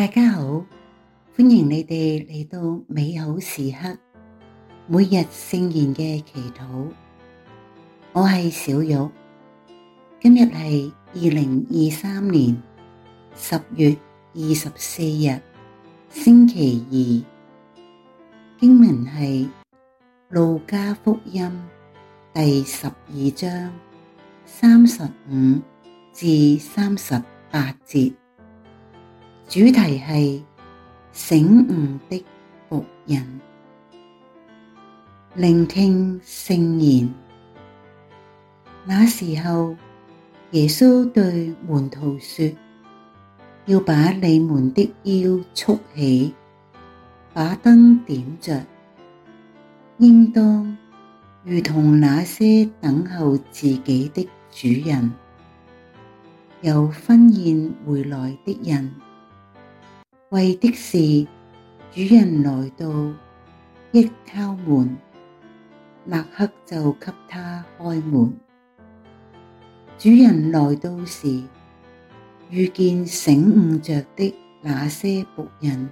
大家好，歡迎你哋嚟到美好時刻每日聖言嘅祈禱。我係小玉，今日係二零二三年十月二十四日，星期二。經文係路加福音第十二章三十五至三十八節。主題係醒寤的僕人，聆聽聖言。那時候，耶穌對門徒說：要把你們的腰束起，把燈點着，應當如同那些等候自己的主人由婚宴回來的人。為的是主人來到，一敲門，立刻就給他開門。主人來到時，遇見醒寤着的那些僕人，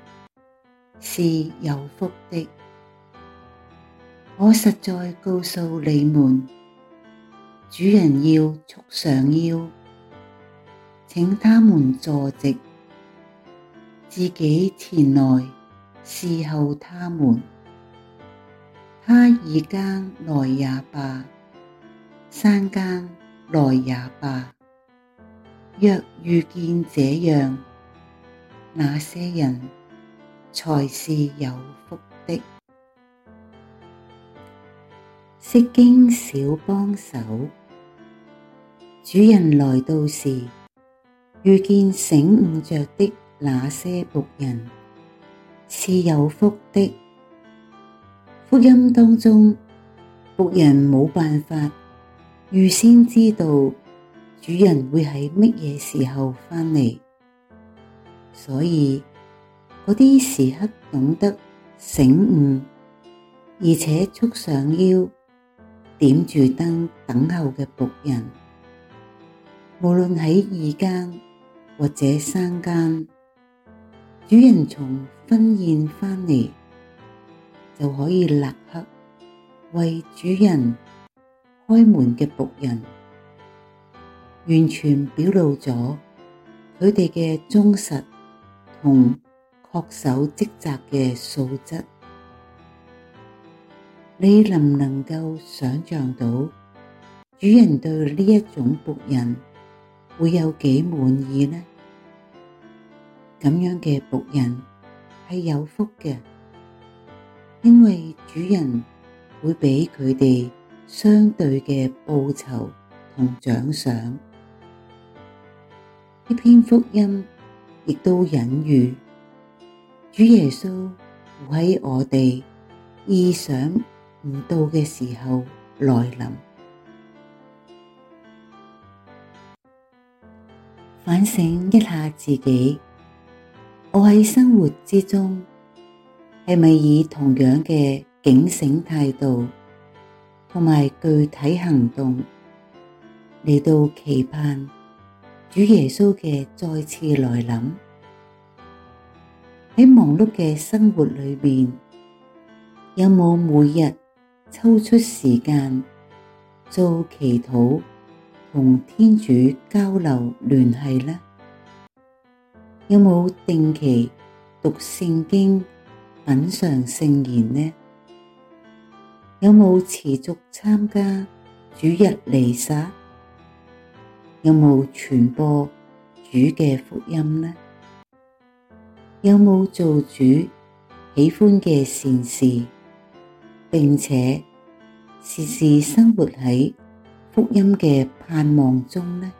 是有福的。我實在告訴你們，主人要束上腰，請他們坐席。自己前來伺候他們，他二更來也罷，三更來也罷。若遇見這樣那些人，才是有福的。釋經小幫手，主人來到時，遇見醒寤着的那些僕人是有福的，福音當中僕人冇辦法預先知道主人會喺乜嘢時候返嚟，所以嗰啲時刻懂得醒寤，而且束上腰點住燈等候嘅僕人，無論喺二更或者三更。主人從婚宴返嚟就可以立刻為主人開門嘅僕人，完全表露咗佢哋嘅忠實同恪守職責嘅素質。你能唔能夠想象到主人對呢一種僕人會有幾滿意呢？咁樣嘅僕人係有福嘅，因為主人會畀佢哋相對嘅報酬同獎賞。呢篇福音亦都隱喻主耶穌會喺我哋意想唔到嘅時候來臨，反省一下自己。我喺生活之中，係咪以同樣嘅警醒態度同埋具體行動嚟到期盼主耶穌嘅再次來臨？喺忙碌嘅生活裏面，有冇每日抽出時間做祈禱，同天主交流聯繫呢？有冇定期讀聖經、品嚐聖言呢？有冇持續參加主日彌撒？有冇傳播主嘅福音呢？有冇做主喜歡嘅善事，並且時時生活喺福音嘅盼望中呢？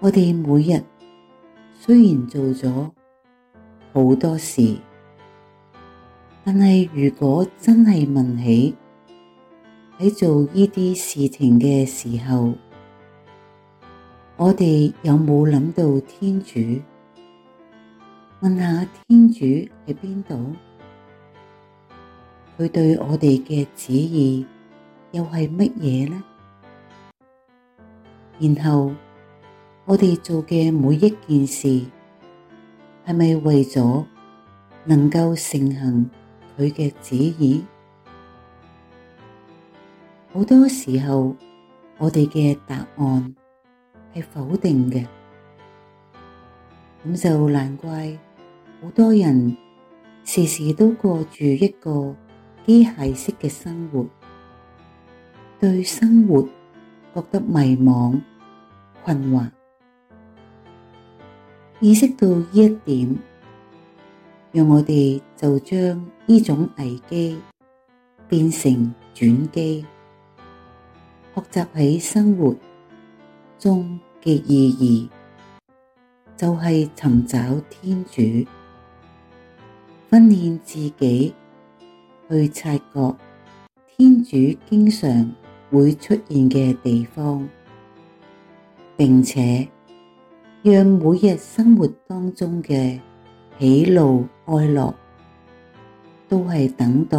我哋每日。雖然做咗好多事，但係如果真係問起喺做呢啲事情嘅時候，我哋有冇諗到天主？問下天主喺邊度？佢對我哋嘅旨意又係乜嘢呢？然後。我哋做嘅每一件事，係咪為咗能夠成行佢嘅旨意？好多時候我哋嘅答案係否定嘅，咁就難怪好多人時時都過住一個機械式嘅生活，對生活覺得迷茫、困惑。意識到呢一點，讓我哋就將呢種危機變成轉機，學習喺生活中嘅意義，就係、是、尋找天主，訓練自己去察覺天主經常會出現嘅地方，並且。讓每日生活當中嘅喜怒哀樂，都係等待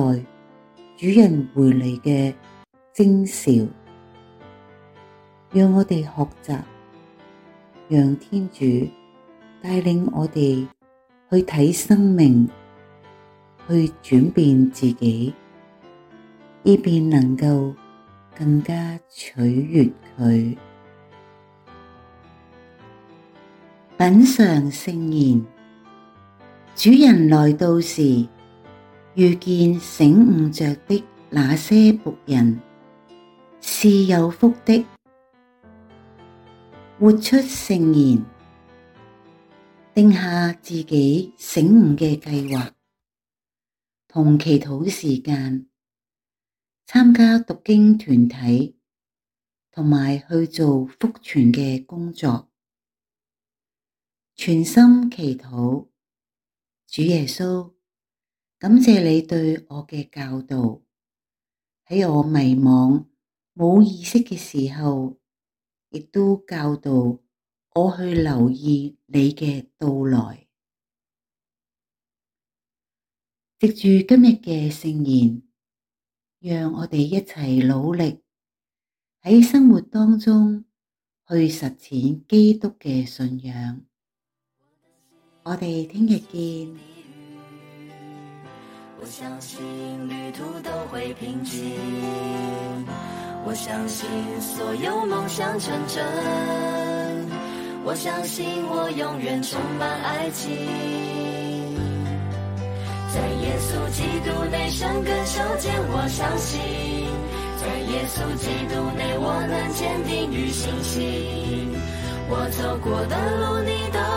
主人回來嘅徵兆。讓我哋學習，讓天主帶領我哋去睇生命，去轉變自己，以便能夠更加取悅佢。品嘗聖言，主人來到時，遇見醒寤着的那些僕人，是有福的。活出聖言，訂下自己醒寤嘅計劃，同祈禱時間，參加讀經團體，同埋去做福傳嘅工作。全心祈禱，主耶穌，感謝你對我嘅教導，喺我迷茫、冇意識嘅時候，亦都教導我去留意你嘅到來。藉住今日嘅聖言，讓我哋一齊努力喺生活當中去實踐基督嘅信仰。我哋聽日見。我相信旅途都會平靜，我相信所有夢想成真，我相信我永遠充滿愛情，在耶穌基督內生根修建，我相信在耶穌基督內我能堅定與信心，我走過的路你都